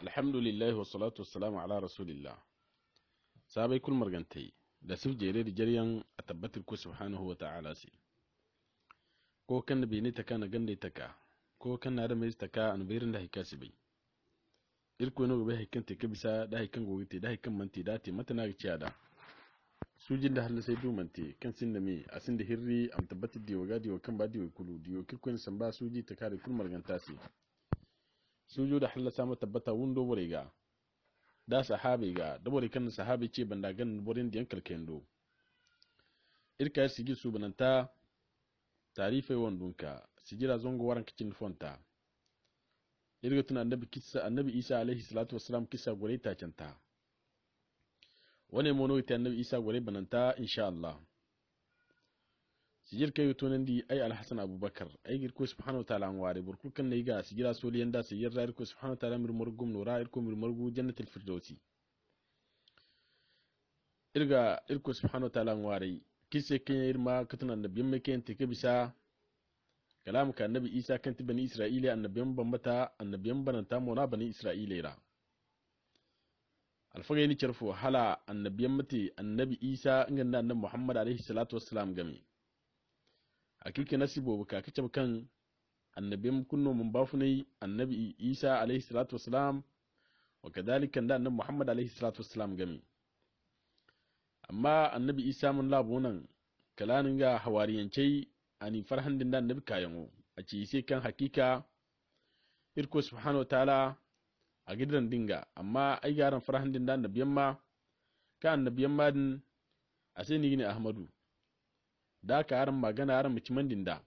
alhamdulillahi wassalatu wassalamu ala rasulillah sabai kul margantai da sif jere da jaryan a tabbatar ku subhanahu wa ta'ala si ko kan nabi ne taka na gande taka ko kan na da mai taka an birin da hikasi bai irko no bai hikan te kabisa da hikan gogite da hikan manti da te mata na ga ciya da sujin da halin sai dumante kan sin da me a sin da hirri am tabbatar da gadi wa kan ba da kulu da yo san ba suji ta kare kul marganta si da halla sama tabbata wundo ga da sahabi ga da bori kan sahabi ce banda gan borin diyan kalkendo irka ya sigi su bananta tarife wandunka sigira zongo waran kicin fonta irga tuna annabi kissa annabi isa alaihi salatu wassalam kissa gore ta canta wane mono ita annabi isa gore bananta insha Allah sigir tunan di ay alhasan abubakar ay girko subhanahu ta'ala an ware burku kan nayga sigira soliyan da sigir ra irko subhanahu ta'ala mir morgum no ra irko mir morgu jannatul firdausi irga irko subhanahu ta'ala an ware kise kan irma katuna annabiyan mai kan take bisa kalam ka annabi isa kan ti bani isra'ila annabiyan bambata annabiyan bananta mona bani isra'ila ra alfaga ni cerfo hala annabiyan mate annabi isa ingan annabi muhammad alaihi salatu wassalam game akilke nasi bo ka kacab kan mun kunno mun bafunai annabi isa alayhi salatu wassalam wa kadalika da annabi muhammad alayhi salatu wassalam gami amma annabi isa mun labo nan kalanin ga hawariyance ani farhandin da annabi kayanwo a ce sai kan hakika irko subhanahu ta'ala a gidan dinga amma ai garan farhandin da annabiyan ma kan annabiyan ma din a sai ni ne ahmadu da ka harin magana harin mukiman dinda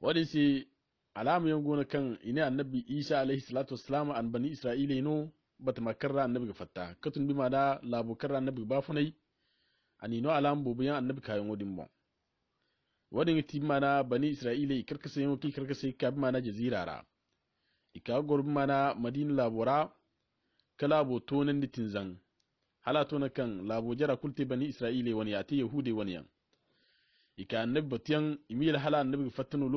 wadin si alamu yan gona kan ina annabi isa alaihi salatu wassalam an bani isra'ila ino bata makarra annabi ga fatta katun bi ma da labu karra annabi ba funai anino alamu bobu yan annabi kayan wadin bon wadin ti mana bani isra'ila karkasa yan ki karkasa ka bi mana jazirara ika gorbi mana madina labura kala botonan ditin zan halato na kan labo jara kulte bani isra'ile wani ya ta yahude wani yan ika annabi batiyan imil hala annabi fatano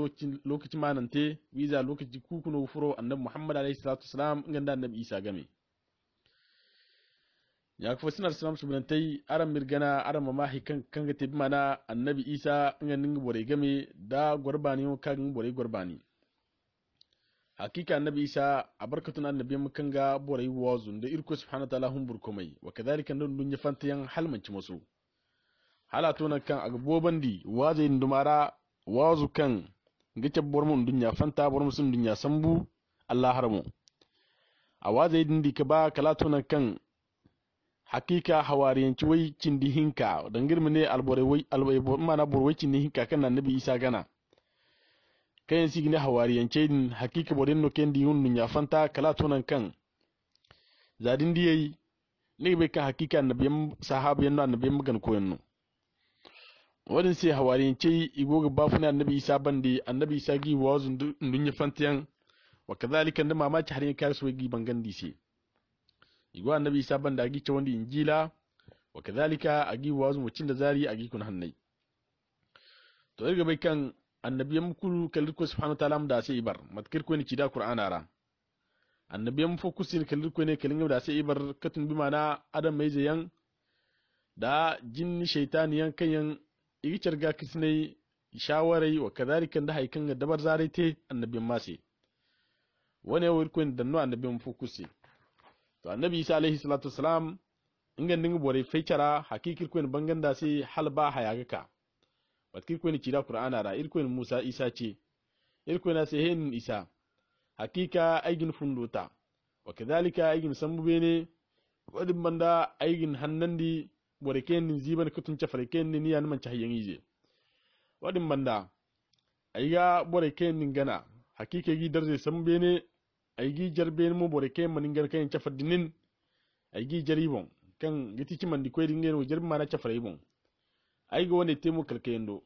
lokacin manante wiza lokaci kukuno furo annabi muhammad alayhi salatu wasalam ganda annabi isa game ya kafa sinar salam subnantai aran mirgana aran mamahi kan kanga tebi mana annabi isa inga ninga bore game da gwarbani kan bore gwarbani. hakika annabi isa abarkatu na annabi ga borai wazu da irko subhanahu ta'ala hun mai wa kadalika nan dun ya fanta yan halmanci masu halatu nan kan agboban di waze indumara wazu kan gace dun ya fanta bormu sun ya sambu Allah haramu a waze dindi ka ba kalatu nan kan hakika hawariyanci wai cindihinka hinka dangirmi ne alborai wai alborai mana borwai cindihinka kan annabi isa gana kayan sigi na hawariyan cedin hakika boden no kendi hunnu ya fanta kala tunan kan zadin diyai ne bai kan hakika annabiyan sahabiyan na annabiyan magan koyon no wadin sai hawariyan ce igoga bafuna annabi isa bandi annabi isa gi wazun dunya yan wa kadhalika da mamaci har yankar su gi bangan dise igo annabi isa bandi agi ce wanda injila wa kadhalika agi wazun wacin da zari agi kun hannai to daga bai kan annabiyam kulu kalir ko subhanahu wa ta'ala da sai ibar matkir ko ni kida qur'ana ra annabiyam fo kusin kalir ko ne kalin da sai ibar katun bi mana adam mai jayan da jinni shaytani yan kan yan igicar ga kisnai shawarai wa kadhalikan da haikan dabar zarai te annabiyam mase wani wuri ko da nuna annabiyan fo kusi to annabi isa alaihi salatu wassalam ingan ninga bore fekara hakikir ko da sai halba hayaga ka watkir kweni cida qur'ana ra irkwen musa isa ce irkwena sehenin isa hakika aigin fundota wa kadhalika aigin sambu bene wadin banda aigin hannandi ni ziban kutun ce ni niyan man cahiyan ije wadin banda aiga ni gana hakika gi darje sambu bene aigi jarben mu boreken manin kan ce fardinin aigi jaribon kan gitici man di dingen wo jarbi mana ce faribon aigo wani temu kalkayendo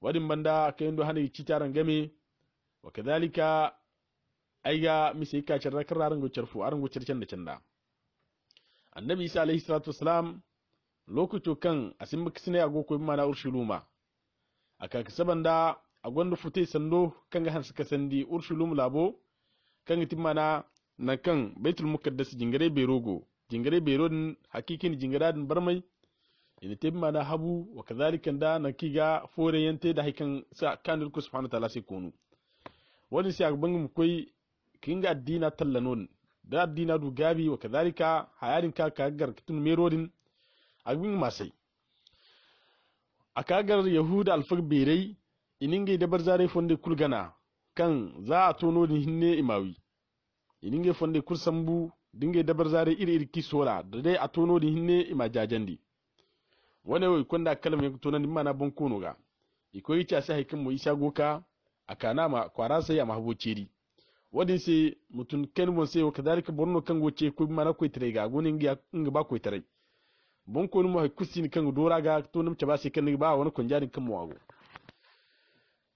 wadin banda kendo hani citaran game wa ga aiga yi kacin rakar kararan go fu aran go can da canda annabi isa alaihi salatu wasalam lokacin kan a asin makisine ago ko mana urshuluma aka kisa banda a gwanda fute sando kan ga hansu kasandi urshulum labo kan mana na kan baitul mukaddas jingare berogo jingare berodin hakikin bar mai. ina temma da habu wa kadhalika da na kiga fore yante da hikan sa kanul ku subhanahu ta'ala sai kunu wani sai mu koi kinga addina tallanon da addina du gabi wa kadhalika hayarin ka ka gar kitun merodin agbin masai akagar yahuda alfar berai ininge da barzare fonde kulgana kan za a tono ni hinne imawi ininge fonde kursambu dinge dabar zare iri iri kisora da dai a tono ni hinne ima wane we konda kalam yanku tonan mana bon kono ga iko yi ta sai kin mu isa goka kana ma kwara sai ya mahbo ceri wani sai mutun kan mun sai dalika borno kan goce ko mana ko tare ga gonin ga inga ba ko tare bon kono mu kusin kan dora ga tonum ta ba sai kan ba wani kunjani kan mu wago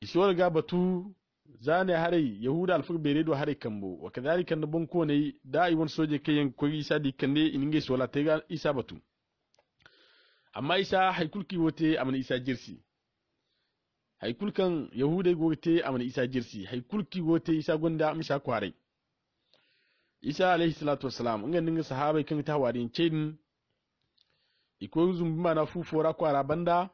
isuwar ga batu zane harai yahuda alfur bere do harai kambo wa kadalika nabon ko ne da'i won soje kayan kuri sadi kande ininge sola tega isa batu amma isa haikulki wote amana isa jirsi haikulkan yahudai gote amana isa jirsi haikulki wote isa gonda amsha kwarai isa alaihi salatu wassalam inga ninga sahabai kan ta warin cedin iko zumbima na ra kwara banda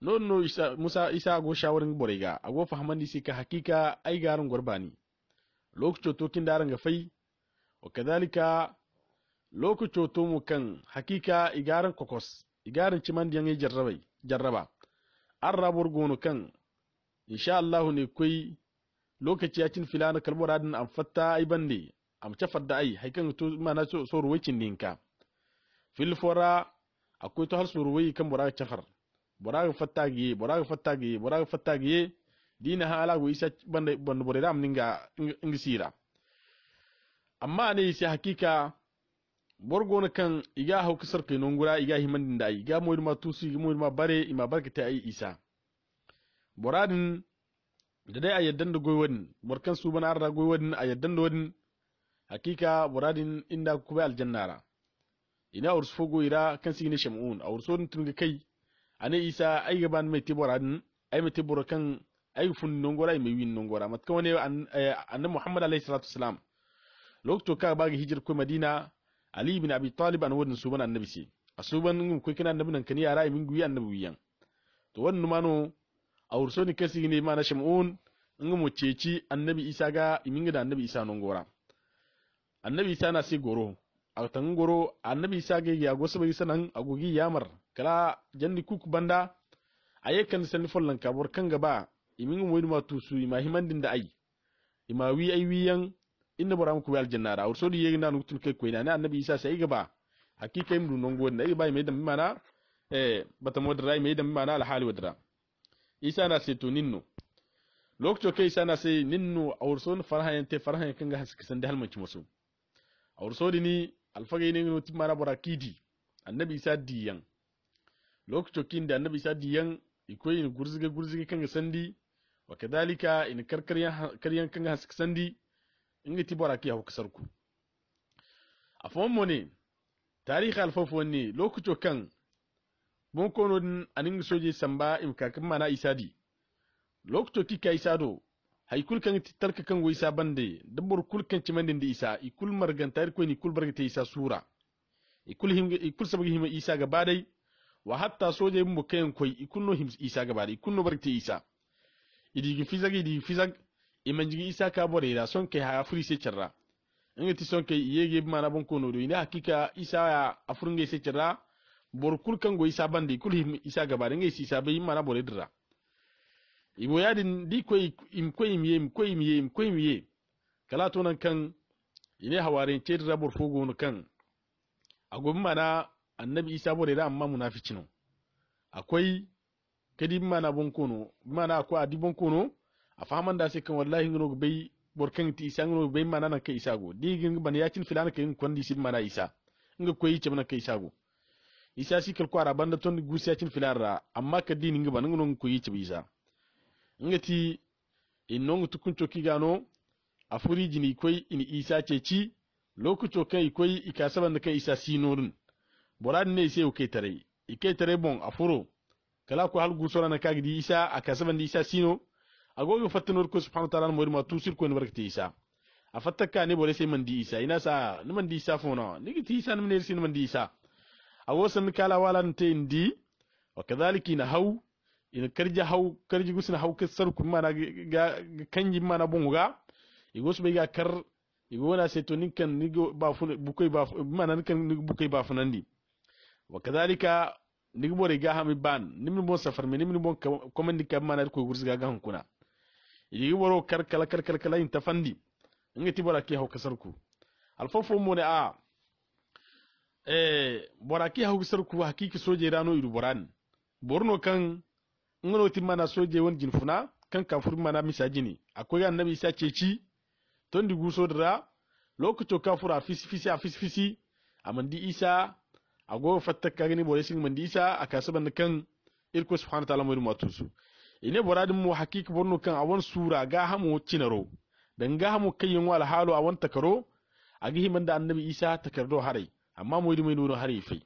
non no isa musa isa go shawarin boriga ago fahamandi sika hakika ai garin gurbani lokacin tokin daran ga fai wa kadhalika lokacin coto mu kan hakika igaran kokos igaran ciman diyan jarrabai jarraba an rabuwar gonu kan insha Allah ne kai lokaci ya cin filana kalmar adin an fatta ai bande am ca fadda ai haikan to mana na so ruwaikin ninka fil fora akwai to har so kan buraga cafar buraga fatta giye buraga fatta giye buraga fatta giye dina ha ala go ban bande bande bore dam ninga ingisira amma ne sai hakika borgo na kan iga hau kasar kai non gura iga himan da ayi iga moyin ma tusi iga moyin ma bare ima barkata ai isa boradin da dai a yaddan da goywadin borkan su bana arda goywadin a yaddan da wadin hakika boradin inda ku bai aljannara ina ursu fogo ira kan sigine shamun a ursu tun ga kai ne isa ai gaban mai ti boradin ai mai te borkan ai fun non gura mai win non gura matkan wani eh, annabi muhammad alaihi salatu wasalam lokto ka ba ga hijir ko madina ali bin abi talib an wadin suban annabi a su ngum ko kina annabi nan kani yara ibn guyi annabi wiyan to wannan a wurso ni kasi ne ma mana shamun mu ceci annabi isa ga imin da annabi isa non gora annabi isa na sai goro a tan goro annabi isa ga ya gosu bai sanan gogi yamar kala janni kuku banda aye kan san follan kabur kan gaba imin wani ma tusu ima da ai ima wi ai wiyan inna baram ku wal jannara or sodi yegi nan tun ke koyna na annabi isa sai gaba hakika imdu nongo na ibai mai da mana eh bata modrai mai da mana al hali wadra isa na sai ninnu ninno lokacin kai isa na sai ninno or son farhayan te farhayan kanga san da halmanci musu or sodi ni alfaga ne no timana barakidi annabi isa diyan lokacin kin da annabi isa diyan ikoyin gurzige gurzige kanga sandi wa kadalika in karkariyan karyan kanga haske sandi inga tibora bora kiya hukusar ku a mo ne tarihi alfafo ne lokuto kan bon kono din anin soje samba in kakin mana isadi lokuto ki ka isa do haikul kan titalka kan wo bande dabbor kul kan cimandin isa ikul margantar ko ni kul bargata isa sura ikul him himar sabagi him isa gabadai wa hatta soje mu kayan kwai ikul no him isa gabadai ikul no bargata isa idigi fizag idigi fizag imanjigi isa ka borera sonke ha se cerra ingati sonke yege mana bon kono do ina hakika isa ya nge se cerra bor kul go isa bandi kul him isa gabar nge si isa be mana dira ibo din di ko im ko im yem ko im yem ko im ye kala to nan kan ine haware dira bor fugo no kan agom mana annabi isa da amma munaficino akwai kadi mana bon kono mana akwai adi bon kono a da sai kan wallahi ngono bai borkan ti isa ngano bai mana nan kai isago digin ban cin filana kai di sin mana isa nga koyi ce mana kai go isa si kal kwara banda ton gusi cin filara amma ka dini ngi ban ngano koyi ce isa nga ti innongu tukun coki gano furi jini koi in isa ce ci lokuto kai koi saban da kai isa sinorin boran ne sai kai tare ikai tare bon afuro kala ko hal gusora na kagidi isa saban di isa sino agogi fattinorko subhana taala moyirma tusir koni barkati isa afatta kani sai mandi isa ina sa ni mandi isa fono nigi ti isa nimne irsi ni mandi isa ago san kala wala nte ndi wa kadhalika ina hau ina karja hau karji gusina hau kasar ku mana ga kanji mana bunga igos be ga kar igona sai to ninkan nigo ba fun bukai ba mana ninkan nigo bukai ba funandi wa kadhalika nigo bore ga hami ban nimni bon safar me nimni bon komandi kam mana ko gursiga ga hankuna yigi waro karkala karkala kala inta fandi in ti bora ki hauka kasarku alfafo mo ne a eh bora ki hau kasarku hakiki soje rano iru boran borno kan ngano ti mana soje won jinfuna kan kafur mana misajini akwai annabi isa ceci ton di guso dira lokaco kafura fisi fisi a fisi fisi a mandi isa a gowa fatta gani bore sin mandi isa a kasaban kan irko subhanahu wa ta'ala mu matusu ine boradin mu hakiki bonno kan awon sura ga hamu cinaro dan ga hamu kayin wal halu awon takaro a himan da annabi isa takardo hare amma mu moydi mai nuno hare fai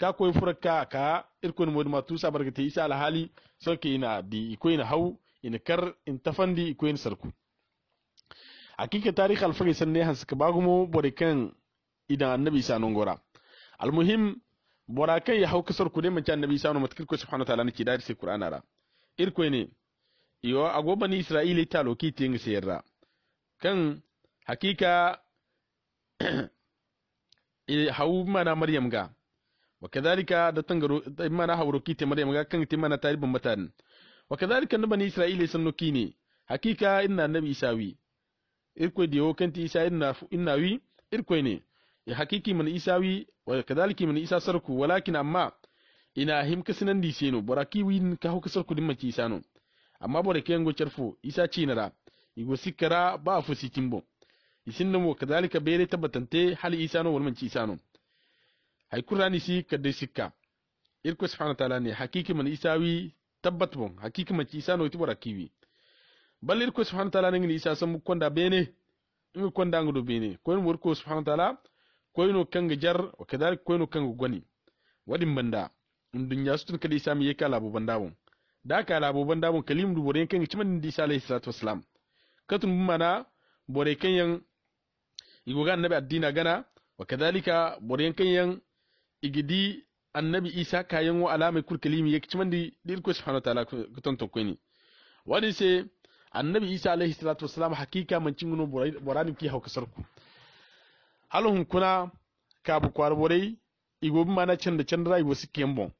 ka koy furka ka irkon mu ma tusa barkata isa al hali soke ina di iko ina hau ina kar in tafandi iko ina sarku hakika tarikh al fagi sanne hans ka bagumo bore kan idan annabi isa non gora al muhim bora kai ya hau kasar ku ne manci annabi isa no matkir ko subhanahu wa ta'ala ne ki dari sai qur'ana ra irkwene iyo a agobani israili talo kiting sayarra, kan hakika hau mana maryam ga zarika da tangaro mana roki ta maryam ga kan ta mana taribin matan wakadhalika na bani sun loki ne, hakika ina nabi isawi irkwe yau kan ta isa ina wi irkwe ne hakiki mana isawi wa zarika mana isa sarku walakin amma ina him kisinan di seno bora win ka ho kisar kudin maci sano amma bora yango charfo isa cinara igo sikara ba fu sitimbo isin namo kadalika bere tabatante hali isano wal manci isano hay qur'ani si kadde sikka irko subhanahu ta'ala ne hakiki man isawi tabbat bon hakiki manci isano iti bora kiwi bal irko subhanahu ta'ala ne isa san mu konda bene mu konda ngudo bene koyin mu irko subhanahu ta'ala koyino kanga jar wa kadalika koyino kanga gwani wadin banda dunya sutun kadi sami ye kala boban dabon da kala boban dabon kalim du bore kan ciman di isa alayhi salatu wassalam katun mana bore kan yan igoga annabi addina gana wa kadhalika bore kan yan igidi annabi isa kayan wa alama kur kalimi yake ciman di dirko subhanahu wa ta'ala kutan tokweni wani sai annabi isa alaihi salatu wa salam hakika man cinguno borani ki hauka sarku halon kuna kabu kwarborai igobin mana can da can da rayuwa suke yambon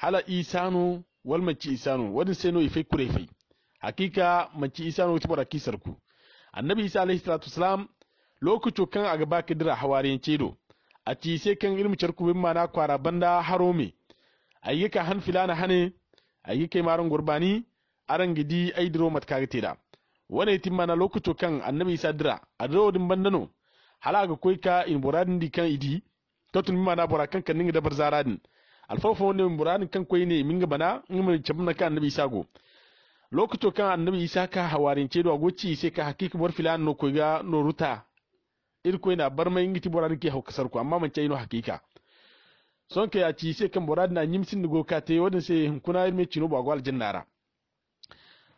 hala isanu wal manci isanu wadin sai no ifai kure fai hakika manci isanu wata bara kisar ku annabi isa alaihi salatu wasalam lokacin kan a gaba kidira hawariyan cedo a ci sai kan ilmu charku bin mana kwara banda harome ayyuka han filana hane ayyuka marun gurbani aran gidi ai diro mat kaga da wane yitin mana lokacin kan annabi isa dira a diro din bandano hala ga koika in buradin di idi tatun mana bora kan kan ninga dabar zaradin alfafo ne burani kan kwai ne minga bana ngam chabna kan annabi isa go kan annabi isa ka hawarince do goci sai ka hakiki bar filan no koiga no ruta ir koi na bar mai ngiti borani ke hawkasar ko amma man no hakika son ka ya ci sai kan borani na nyimsin go ka te wadin sai hunkuna irme cino ba gwal jinnara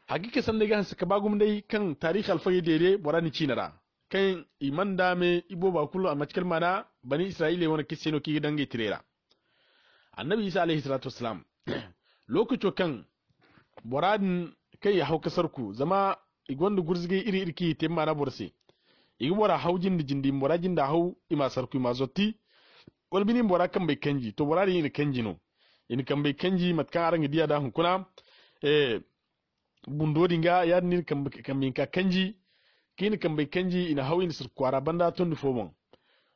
hakika san daga hansa kabagum dai kan tarihi alfai dede ci cinara kan iman dame ibo ba kullu a matkal mana bani isra'ile wani no ki dange tirera annabi isa alaihi salatu wasalam lokaci kan buradin kai ya hau kasar ku zama da gurzige iri irki temma na burse igi bora hau jindi jindi bora da hau ima sarku ima zotti walbini bora kan bai kanji to bora din iri kanji no in kan bai kanji matkan aran diya da hunkuna eh bundo dinga ya ni kan kan min ka kanji kin kan bai kanji ina hau in ara banda ton fomon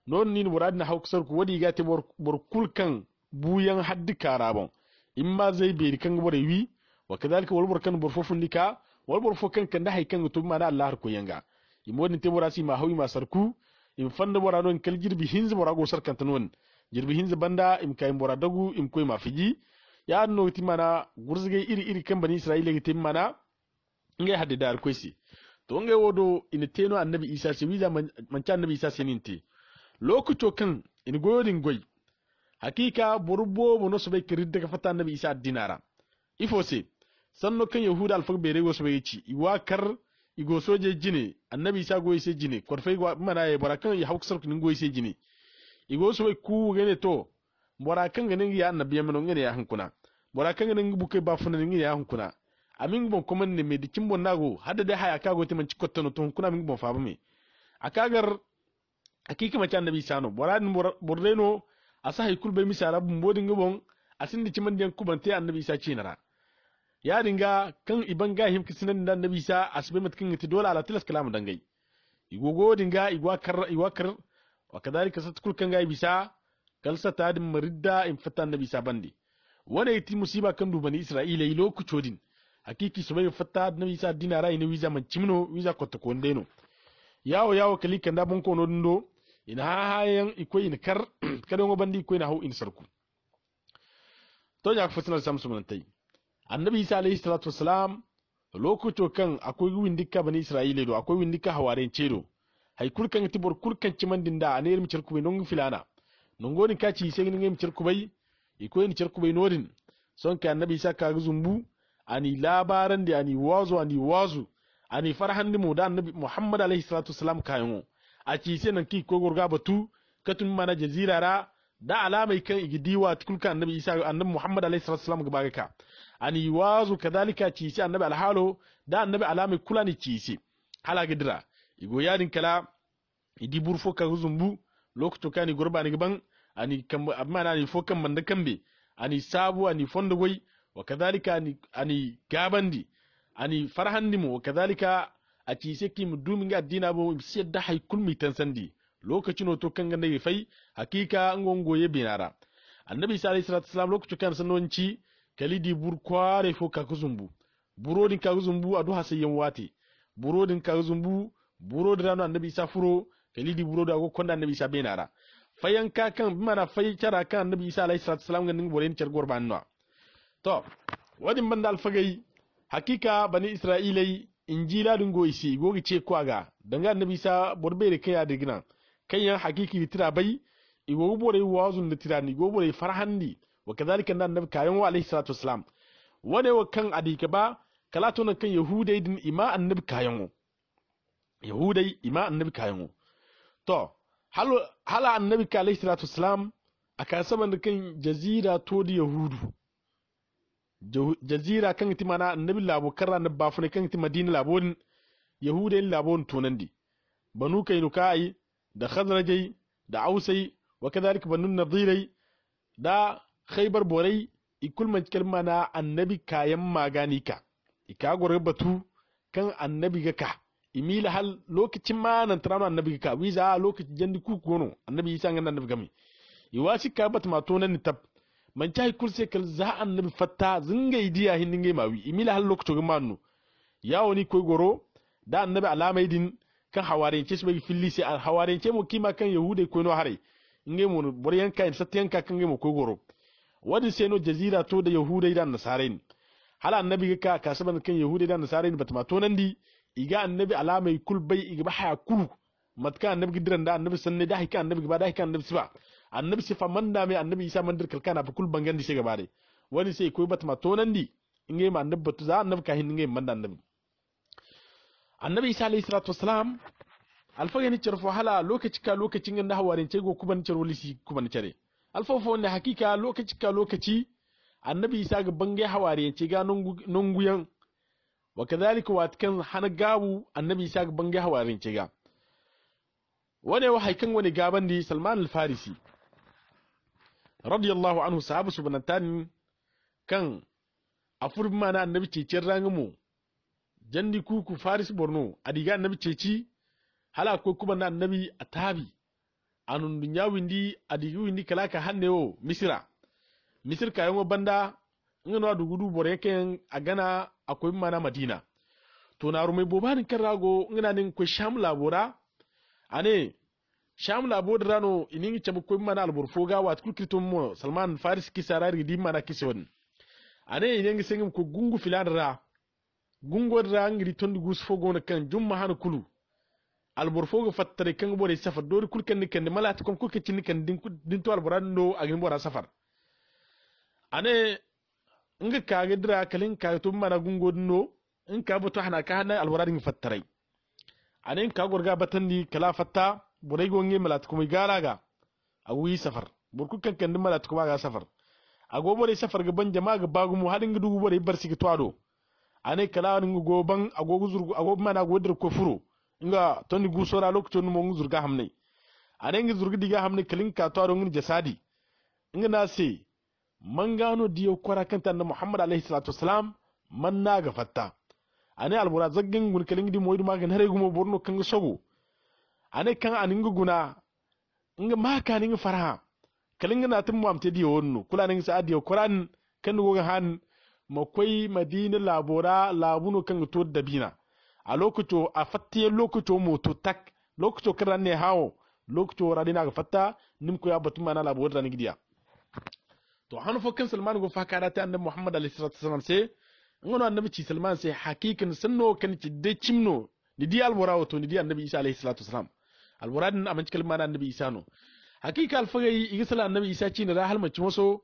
non nin bora hau kasar ku wadi ga ta bor kulkan kan buyan haddi karabon ma zai beri kan bore yi wa kadhalika wal kan burfo nika wal burfo kan kan haikan kan to mana Allah har yanga in imodin te borasi ma hawi ma sarku im fanda bora don kal girbi hinz bora go sarkan tan won jirbi hinz banda im kay bora dagu im koy ma fiji ya no ti mana gurzige iri iri kan bani isra'ila ga timana ngai haddi dar koisi to ngai wodo in te no annabi isa se wiza man annabi isa se ninte lokuto kan in goyodin goyi hakika boru bobu no sobe kiridde daga fata annabi isa dinara ifose sanno kan yahuda alfar bere go sobe ci iwa kar igo soje jine annabi isa go ise jine korfe go mana ya e, barakan ya hawk sarkin go ise jine igo sobe ku gene to barakan ganin ya annabi yamno ngene ya hankuna barakan ganin buke ba funan ngene ya hankuna amin bon kuma ne me dikin bon nago hada da haya kago te man cikotta to hankuna min bon fa ba me akagar hakika mace annabi isa no boradin bordeno asahay kulbay misara bumbodinga bon asindi cimandiyan kubante annabi isa cinara dinga kan ibanga him kisinan da annabi isa asbe matkin ti dole ala tilas kalamu dangai igogo dinga igwakar kar wa sat kul kan gai bisa kalsa ta din in fata annabi isa bandi wana yiti musiba kan dubani isra'ila ilo ku chodin hakiki bai fata annabi isa dinara ina wiza man cimno wiza kotta ko ndeno yawo yawo kalikan da ko kono dindo ina hayan ikoi ni kar kar go bandi ikoi na hau in sarku to ya fasinar samsu mun tai annabi isa alaihi salatu wasalam lokuto kan akwai windika bani isra'ila do akwai windika hawarin cedo hay kurkan tibor kurkan cimandin da anayir mi cirku bai non filana non ka ci sai ngin mi cerku bai ikoi ni cirku bai nodin son ka annabi isa ka zumbu ani labaran da ani wazo ani wazo ani farhan mu da annabi muhammad alaihi salatu wasalam kayan a cise nan ki ko gurga batu katun mana jazira ra da alamai kan igidiwa tukulka annabi isa annabi muhammad alaihi salatu wasallam gaba ka ani wazu kadalika cise annabi alhalo da annabi alamai kula ni cise hala gidira igo yadin kala idi burfo ka zumbu lokacin kani gurba ni gaban ani kan amma na ni fokan manda kambe ani sabu ani fondo goy wa kadalika ani ani gabandi ani farhandi mu wa kadalika. ati seki mudumi nga adina bo da hay kulmi sandi. lokacin oto kanga nabi fai hakika ngongo ye binara annabi isa alaihi wasallam lokacin kan sanonci kalidi burkware fo ka kuzumbu burodin kakuzumbu adu hasayyan wate burodin kuzumbu burodi ranu annabi isa furo kalidi burodi ago konda annabi isa binara fayan ka kan mana fai tara kan annabi isa alaihi wasallam wasalam ganin bolen cer gorban no to wadin banda alfagai hakika bani isra'ilai ladin goyi isi gogi ce ga danga annabi sa da kaya kan yan hakiki tira bai igogo bore wazun da tira ni go bore ni wa kadhalika nan annabi kayan wa alaihi salatu wassalam wane wa kan adika ba kalato na kan yahudai din ima annabi kayan yahudai ima annabi kayan to hala annabi ka alaihi salatu wassalam aka saban da kan jazira to da yahudu jazira kan ti mana annabi labo karra na bafune kan ti madina labon yahuda in labon tonandi banu kainukai da khazrajai da ausai wa kadhalika banu nadirai da khaybar borai ikul man mana annabi kayan magani ka ika gore batu kan annabi ga ka imila hal lokacin ma nan tarano annabi ka wiza lokacin jandi ku kono annabi isa ngana annabi gami iwasi ka bat ma tonan ni tab man cai kurse kal za an nabi fatta zingay diya hin ngay mawi imila hal lokto mannu yawoni koi goro da annabi alama idin kan hawariyance su bai filli sai al hawariyance mu kima kan yahudai koi no hare ngay mu bor yanka in satta yanka kan ngay mu koi goro wadin sai no jazira to da yahudai da nasare ni hala annabi ka kasaban kan yahudai da nasare ni batma to nan di iga annabi alama kul bai iga ba haya kulu matka annabi gidran da annabi sanne da hika annabi ba da hika annabi siba annabi si manda mai annabi isa mandir kalkana fa kul bangandi se gabare wani sai koi batma tonandi inge ma annabi batu za annabi kahin inge manda annabi annabi isa alayhi salatu wassalam alfa ni cirfo hala lokaci ka lokacin inda hawarin ce go kuban cero lisi kuban cere alfa fa ne hakika lokaci ka lokaci annabi isa ga bangai hawarin ce ga nunguyan wa kadhalika watkan hana gabu annabi isa ga bangai hawarin ce ga wane wa haikan wani gaban di salman al-farisi radiyallahu anhu sahabu subhanatan kan afur mana annabi cecen rangumu jandi kuku faris borno adiga annabi ceci hala ko kuma na annabi atabi anun dunya windi adigi windi kalaka hannewo misira misir kayanwa banda ngano dugudu bore agana akwai mana madina to na rumai bobanin kan rago ngana nin ko sham labora ane shamla abodirano iningi chamukwe mana alburfoga wat kulkritum salman faris kisarari di mana kison ane inengi sengim ko gungu filadra gungo rangi ton gus fogo kan jumma han kulu alburfoga fattare kan bore safar dori kulkan ni kan malat kom ko kicin kan din din to alburano agin bora safar ane nga kaga dira kalin ka to mana gungo dinno in ka buto hana ka hana alburani fattare ane in ka gorga batandi kala fatta buray gonge malat kumi garaga awi safar burku kan kan malat kuma ga safar ago buray safar ga ban jama'a ga bagu mu hadin gudu buray bar sigi twado ane kala ni go ban ago guzur ago mana go dir ko furo nga toni gusora lok toni mo guzur ga hamne ane ngi zurgi diga hamne kalin ka twado ngi jasadi nga na se man diyo kwara kan tan Muhammad alayhi salatu wasalam man na ga fatta ane albura zaggin gun kalin di moydu magan hare gumo borno kan sogo ane kan aningu guna nga maka ningu faraha kalinga na tum amte diyo wonnu kula ningu sa adiyo quran kan go han ma koy madina labora labunu kan to dabina a lokuto a lokuto mu to tak lokuto kan ne hawo lokuto radina ga fatta nim ko ya batu mana labora ni gidiya to hanu fo kan salman go fakara ta tan muhammad alaihi salatu wasallam sai ngono annabi ci salman sai hakikin sunno kan ci de cimno ni di albora wato ni di annabi isa alaihi salatu wasallam alburadin a cikin na annabi isa no hakika alfagai igisala annabi isa ci da da halmaci maso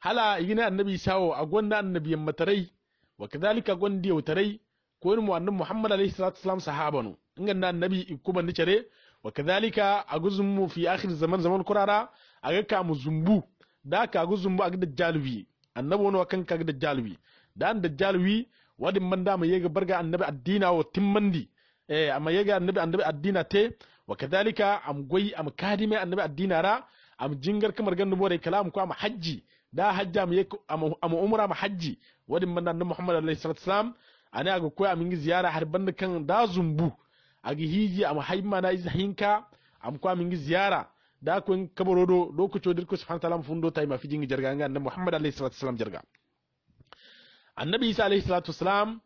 hala na annabi isa wo agwanda annabiyan matarai wa kadhalika gwanda yautarai ko ni mu annabi muhammad alaihi salatu wasalam sahaba no ingan na annabi kuma ni cere wa kadhalika aguzum mu fi akhir zaman zaman kurara aga ka mu zumbu da ka aguzum mu aga dajjalwi annabi wono kan ka aga dajjalwi dan dajjalwi wadin manda da mu yega barga annabi addina wo timmandi eh amma yega annabi annabi addina te wa kadhalika am goyi am kadime annabi addina ra am jingar kamar gandu bore kalam ko am hajji da hajja am yek am umra am hajji wadi manna annabi muhammad sallallahu alaihi wasallam ani aga koy am ngi ziyara har banda kan da zumbu agi hiji am hayma na izhinka am ko am ngi ziyara da ko kabarodo lokaco dirko subhanahu ta'ala fundo tay ma fijingi jarga nga annabi muhammad sallallahu alaihi wasallam jarga annabi isa alaihi salatu wasalam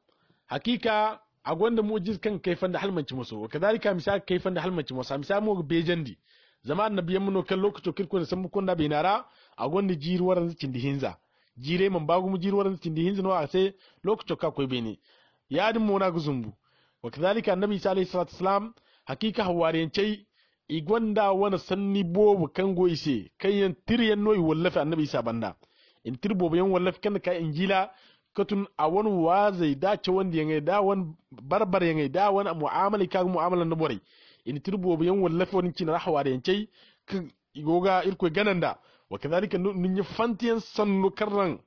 hakika agonda mu jis kan kaifan da halmanci maso wa kadalika misa kaifan da halmanci musu misa mo bejandi zaman biyan muno kan lokaco kirkon da sambu konda bai nara agonda gwanda jiruwar zikin di hinza jire man bagu mu jiruwar waran zikin di hinza no ase lokaco ka koi bene yadin mo na guzumbu wa kadalika annabi isa alayhi salatu wassalam hakika i igwanda wani sanni bobu kan goise kan yan tiryan noyi wallafi annabi isa banda in tirbo bayan wallafi kan ka injila katun wa wazai dace wanda yangai da wani barbar yangai da wani mu'amali ka mu'amala na bore in tirbo yan wallafa wani kin rahwa da ka goga irko gananda wa kadhalika nun yi fantiyan sannu karran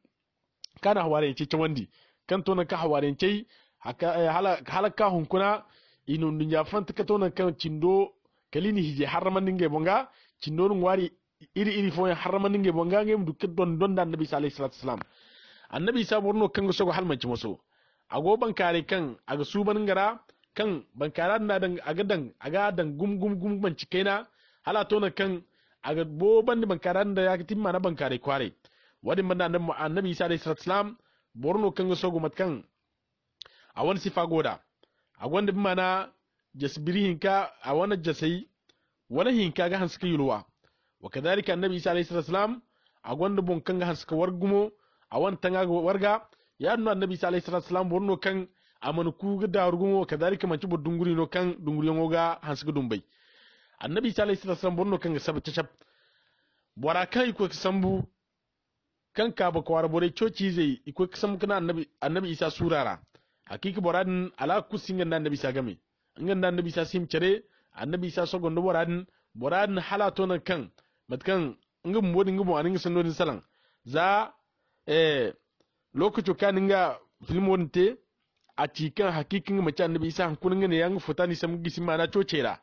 kana haware yace ta wandi kan tona ka haware yace eh, halaka hunkuna inu nun ya fanta ka tona kan cindo kalini hije harman dinga bonga cindo nun wari iri iri fo harman dinga bonga ngem du don don dan nabi sallallahu alaihi wasallam annabi isa borno kan gusa go halmanci maso ago bankare kan aga suban gara kan bankara na dan aga dan aga dan gum gum gum ban cikaina hala tona kan aga boban kare da ya mana ban bankare kware wadin manna nan annabi isa alayhi salam borno kan gusa go matkan a wani sifa goda a gwanda bi mana jasbiri hinka a wani jasai wani hinka ga hansu ka yulwa wa kadhalika annabi isa alayhi salam a gwanda bon kan ga hansu ka wargumo awan tanga warga ya nuna annabi sallallahu alaihi wasallam borno kan amanu ku da rugumo kadalika manci bo dunguri no kan dunguri hansu hansga dumbai annabi sallallahu alaihi wasallam borno kan sabu tacap bora ku iko sambu kan ka ba kwara bore coci zai iko sambu kana annabi annabi isa surara hakiki boradin ala singa nan annabi sa game ngan nan annabi sa sim cere annabi isa so gondo boradin boradin halato nan kan matkan ngum modin ngum anin sanodin salan za eh lokacu kaninga te a cikin hakikin mace annabi isa hankunin gane yan futa ni sam gisi mana cocera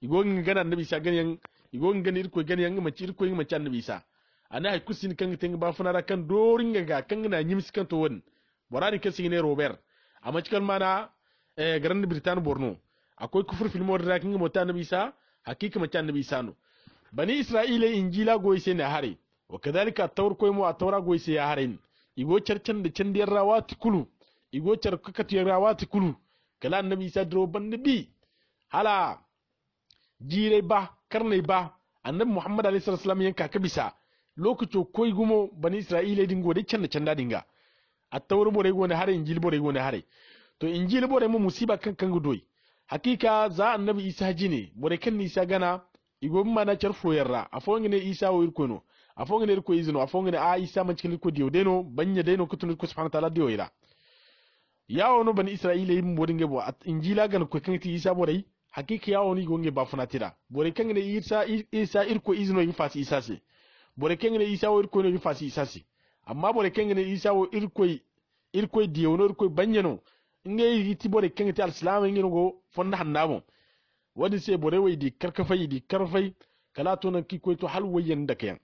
igo ngin gana annabi isa gane yan igo ngin gane irko gane yan mace irko yin mace annabi isa ana hay kusin kan tin ba funara kan dorin ga kan na nyimsi kan to won borani kan singine robert amma cikin mana eh garan britain borno akwai kufur filmon da kin mota annabi isa hakikin mace annabi isa no bani isra'ila injila goyi sai na hare Wa ka zaliku a tawaru ko in mu a tawara goishen ya haɗa yin. Igo jar can da candiyar raa kulu. Igo jar kwakatiyar raa wati kulu. Kala an Isa duro ban na bi. Jirai ba kar ba an nabi alayhi waad ya yanka haka bisa. Lokacin ko kai kuma Isra'ila ya dinka can da can da ya A tawaru bora yi gonai har yi, a injilini bora har. To a injilin bora yi mun musiba kankanka duwai. Hakika za a nabi Isa jini,bore kan Isa gana,igo bi mana can foyi ya A fwani ne isa ko a afongene irko izino a ne a isa cikin irko diyo deno banya deno kutun irko subhanahu ta'ala diyo ira yawo no bani isra'ila yim bodinge bo injila gan ko ti isa borai hakika yawo ni gonge ba funa funatira bore kangene isa isa irko izino yi fasi isa se kan kangene isa wo irko no yin fasi isa se amma kan kangene isa wo irko irko diyo no irko banya no inge yiti bore kangete alislam ngino go fonda hannabo wadi se wai di karkafai di karfai kala to nan kikoy to hal wayen da kayan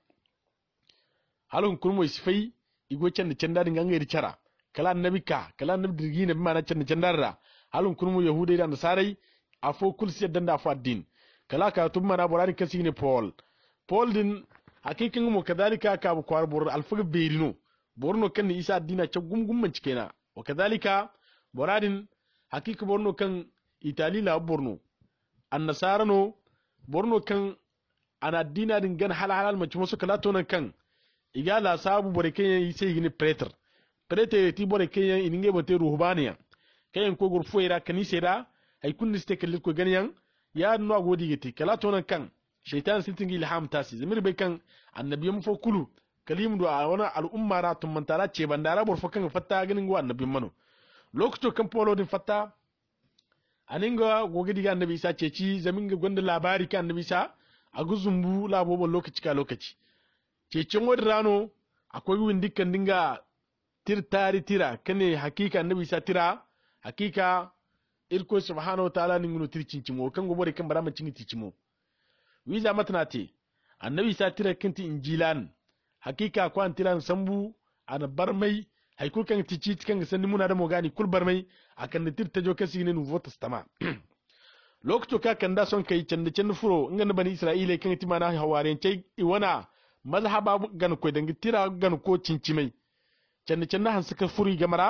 halon kurmo sifai igo canda da din ganga ir cara kala ka kala dirgi na bima canda canda da halon kurmo yahudai da nasarai afo kulsi siya danda afo addin kala ka tumma na borani kasi ne paul paul din hakikin mu kadalika ka bu kwa bor alfaga berino borno kan isa addina gum gumgumman cikena wa kadalika boradin hakika borno kan itali la borno annasarano borno kan ana dina din gan hala halal mace musu kala tonan kan iga la sabu bore yi ise gini pretre pretre ti bore yi ininge bote ruhbaniya kenya ko gor fuera kanisera ay kunni ste kel ko ganyan ya no godi giti kala tonan kan shaytan sitin ilham tasi zamir be kan mu fo kulu kalim do a wana al umma ra tum mantara ce bandara bor fo kan fatta ganin go annabi manu lokto kan polo din fatta aninga gogi diga annabi sa ce ci zamin ga gonda labari kan annabi sa a guzumbu labobo lokaci ka lokaci cecin wani rano akwai windi dukkan dinga tirtari tira kane hakika annabi sa tira hakika irko subhanahu wa ta'ala ninguno tirci cimo kan gobo de kan barama cingi ticimo wiza matana te annabi sa tira kinti injilan hakika kwan tiran sambu ana barmai hay kul kan tici kan sanni muna da gani kul barmai akan tir jo kasi ne nu vota stama lokto ka kan da son kai canda canda furo ngana bani isra'ile kan timana hawaren cai iwana mazhaba gan ko dangi tira gan ko cincimai cenni cenna han suka furi gamara